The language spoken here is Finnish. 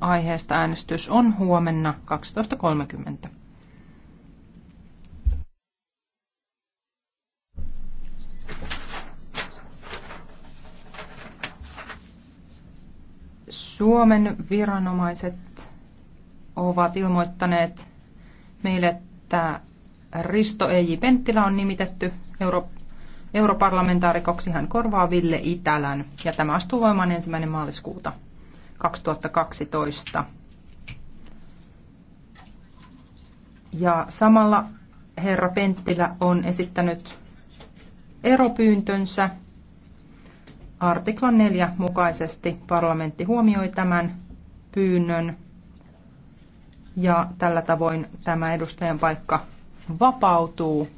Aiheesta äänestys on huomenna 12.30. Suomen viranomaiset ovat ilmoittaneet meille, että Risto Eiji Penttilä on nimitetty Euro- europarlamentaarikoksi. Hän korvaa Ville Itälän ja tämä astuu voimaan ensimmäinen maaliskuuta. 2012. Ja samalla herra Penttilä on esittänyt eropyyntönsä. Artiklan 4 mukaisesti parlamentti huomioi tämän pyynnön ja tällä tavoin tämä edustajan paikka vapautuu